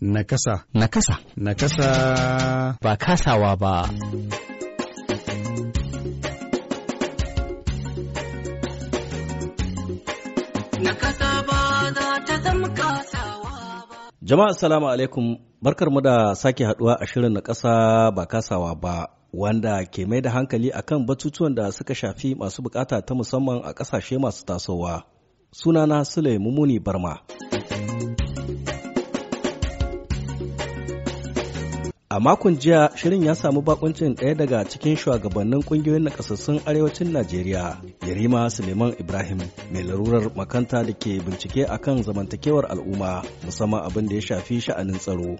Nakasa. Nakasa. Nakasa. Ba kasawa ba. Nakasa ba za ta zama kasawa ba. Jama'a salamu alaikum barkar mu da sake haduwa a shirin na ƙasa ba kasawa ba. Wanda ke mai da hankali a kan batutuwan da suka shafi masu bukata ta musamman a ƙasashe masu tasowa. Sunana Sule Mumuni Barma. A makon jiya shirin ya samu bakuncin ɗaya daga cikin shugabannin ƙungiyoyin nakasassun arewacin Najeriya, Yarima Suleiman Ibrahim, mai larurar makanta da ke bincike a kan zamantakewar al'umma musamman abin da ya shafi sha'anin tsaro.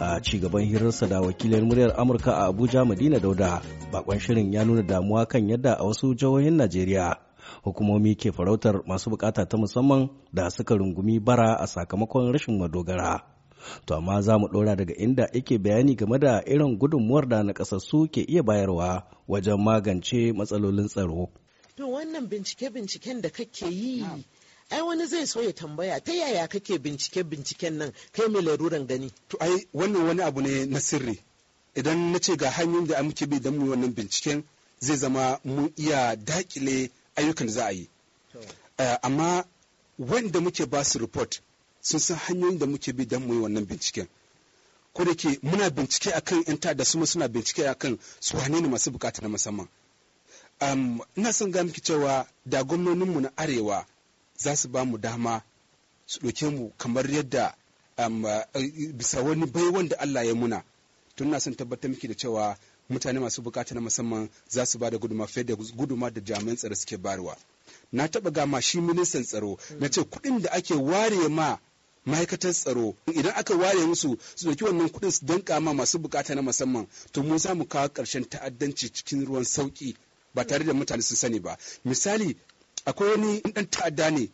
A cigaban gaban hirarsa da wakilin muryar Amurka a Abuja Madina Dauda, bakon shirin ya nuna damuwa kan yadda a wasu jihohin Najeriya hukumomi ke farautar masu bukata ta musamman da suka rungumi bara a sakamakon rashin madogara. To amma za mu ɗora daga inda yake bayani game da irin gudunmuwar da na su ke iya bayarwa wajen magance matsalolin tsaro. To wannan bincike-binciken da kake yi ai wani zai so ya tambaya ta yaya kake bincike-binciken nan kai mai laruran gani. To ai wannan wani abu ne na sirri idan na ce ga hanyoyin da muke bi don mu wannan binciken zai zama mun iya dakile ayyukan da za a yi. Eh, amma wanda muke ba su report sun san hanyoyin da muke bi don mu yi wannan binciken ko da ke muna bincike akan yan da su suna bincike akan su wane ne masu bukata na musamman ina son ga miki cewa da gwamnoninmu na arewa za su ba mu dama su ɗauke mu kamar yadda bisa wani baiwan da Allah ya muna tun na son tabbatar miki da cewa mutane masu bukata na musamman za su ba da guduma fiye da guduma da jami'an tsaro suke barwa na taɓa gama shi ministan tsaro na ce kuɗin da ake ware ma ma'aikatar tsaro idan aka ware musu su dauki wannan kuɗin su danka ma masu bukata na musamman to mu za mu kawo karshen ta'addanci cikin ruwan sauki ba tare da mutane sun sani ba misali akwai wani ɗan ta'adda ne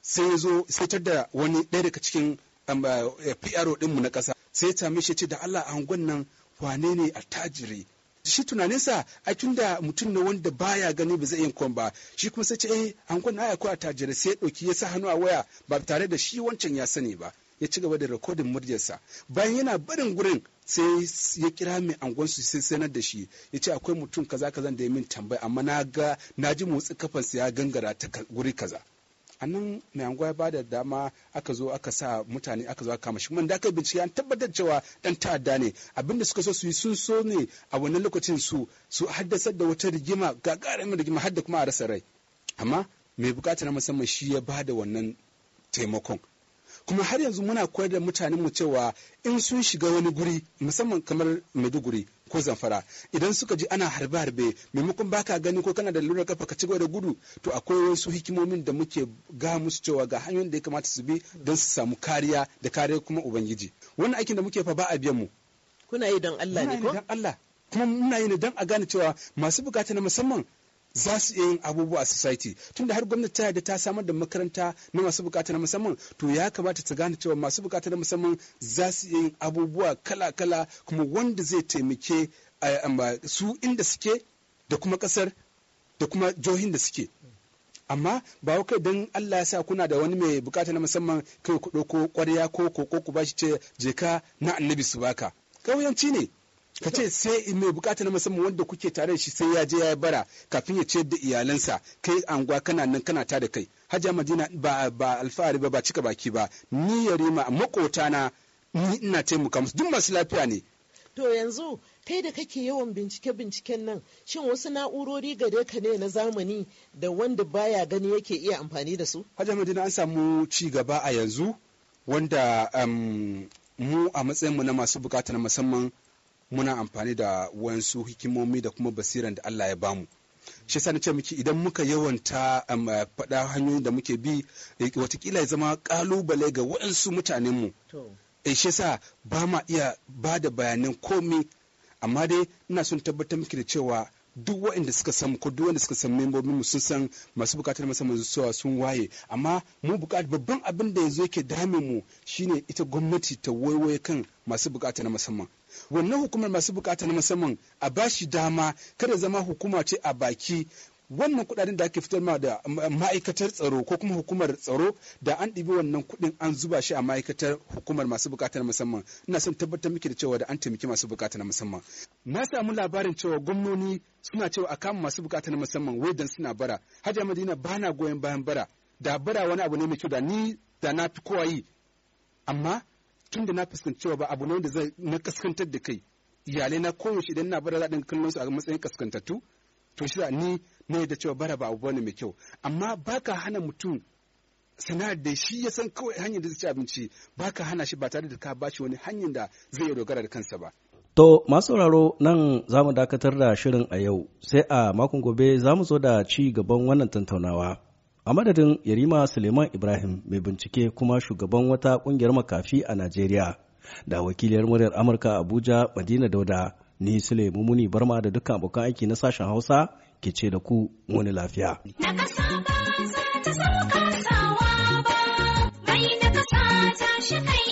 sai ya zo sai tar da wani ɗaya daga cikin um, eh, PRO ɗinmu na ƙasa sai ya same shi ce da Allah a nan wane ne attajiri shi tunaninsa a da mutum na wanda baya gani ba zai yin kwan ba shi kuma sai ce eh an kwan aya ko a tajira sai ya ɗauki ya sa hannu a waya ba tare da shi wancan ya sani ba ya ci gaba da rikodin muryarsa bayan yana barin gurin sai ya kira mai su sai sanar da shi ya ce akwai mutum kaza kaza da ya min tambaya amma na ga na ji motsi kafansa ya gangara ta guri kaza a nan mai anguwa ya da dama aka zo aka sa mutane aka zo aka kama shi kuma da aka bincike an tabbatar cewa dan ta'adda ne abinda suka so su yi sun so ne a wannan lokacin su su haddasar da wata rigima ga karamin rigima hadda kuma a rasa rai amma mai bukata na musamman shi ya ba da wannan taimakon kuma har yanzu muna koyar da mutanen mu cewa in sun shiga wani guri musamman kamar maiduguri ko zamfara idan suka ji ana harbe-harbe maimakon baka gani ko kana da lura kafa ka cigaba da gudu to akwai wasu hikimomin da muke ga musu cewa ga hanyoyin da ya kamata su bi don su samu kariya da kariya kuma ubangiji wannan aikin da muke fa ba a biyan mu kuna yi don Allah ne ko kuma muna yi ne don a gane cewa masu bukata na musamman za su iya yin abubuwa a society tunda har gwamnati ta da ta samar da makaranta na masu bukata na musamman to ya kamata ta gane cewa masu bukata na musamman za su iya yin abubuwa kala-kala kuma wanda zai taimake su inda suke da kuma kasar da kuma johin da suke amma ba kai don Allah ya sa kuna da wani mai bukata na musamman kai ku ɗauko ƙwarya ko ko ku bashi ce je ka na annabi su baka kauyanci ne ka ce sai mai bukata na musamman wanda kuke tare da shi sai ya je ya bara kafin ya ciyar da iyalansa kai anguwa kana nan kana ta da kai hajja madina ba ba alfahari ba ba cika baki ba ni yarima rima na ni ina taimaka musu duk masu lafiya ne to yanzu kai da kake yawan bincike-binciken nan shin wasu na'urori gare ka ne na zamani da wanda baya gani yake iya amfani da su hajja madina an samu ci gaba a yanzu wanda um, mu a matsayinmu na masu bukata na musamman muna amfani da wasu hikimomi da kuma basiran da Allah ya bamu shi yasa ce miki idan muka yawanta faɗa hanyoyin da muke bi eh, watakila ya zama kalubale ga waɗansu mutanenmu e eh, shi yasa ba ma iya ba da bayanan komi amma dai ina son tabbatar miki da cewa duk waɗanda suka san ko duk waɗanda suka san membobin mu sun san masu bukatar musamman zuwa sun waye amma mu bukatar babban abin da yanzu yake dame mu shine ita gwamnati ta waiwaye kan masu bukatar musamman wannan hukumar masu bukata na musamman a shi dama kada zama hukuma ce a baki wannan kudaden da ake fitar da ma'aikatar tsaro ko kuma hukumar tsaro da an ɗibi wannan kudin an zuba shi a ma'aikatar hukumar masu bukata na musamman ina son tabbatar miki da cewa da an taimaki masu bukata na musamman na samu labarin cewa gwamnoni suna cewa a kama masu bukata na musamman wai dan suna bara hajji madina ba na goyon bayan bara da bara wani abu ne mai kyau da ni da na fi kowa yi amma tun da na fuskanci cewa ba abu ne da zai na kaskantar da kai iyalai na koyaushe idan na bara zaɗin kallon su a matsayin kaskantattu to shi ni ne da cewa bara ba abu bane mai kyau amma baka hana mutum sana'ar da shi ya san kawai hanyar da zai ci abinci baka hana shi ba tare da ka bashi wani hanyar da zai dogara da kansa ba To masu sauraro nan za mu dakatar da shirin a yau sai a makon gobe za mu zo da ci gaban wannan tattaunawa. A madadin Yarima Suleiman Ibrahim mai bincike kuma shugaban wata kungiyar makafi a Najeriya da wakiliyar muryar Amurka Abuja Madina Dauda ni Suleiman Muni Barma da dukkan abokan aiki na sashen Hausa ke ce da ku wani lafiya. Na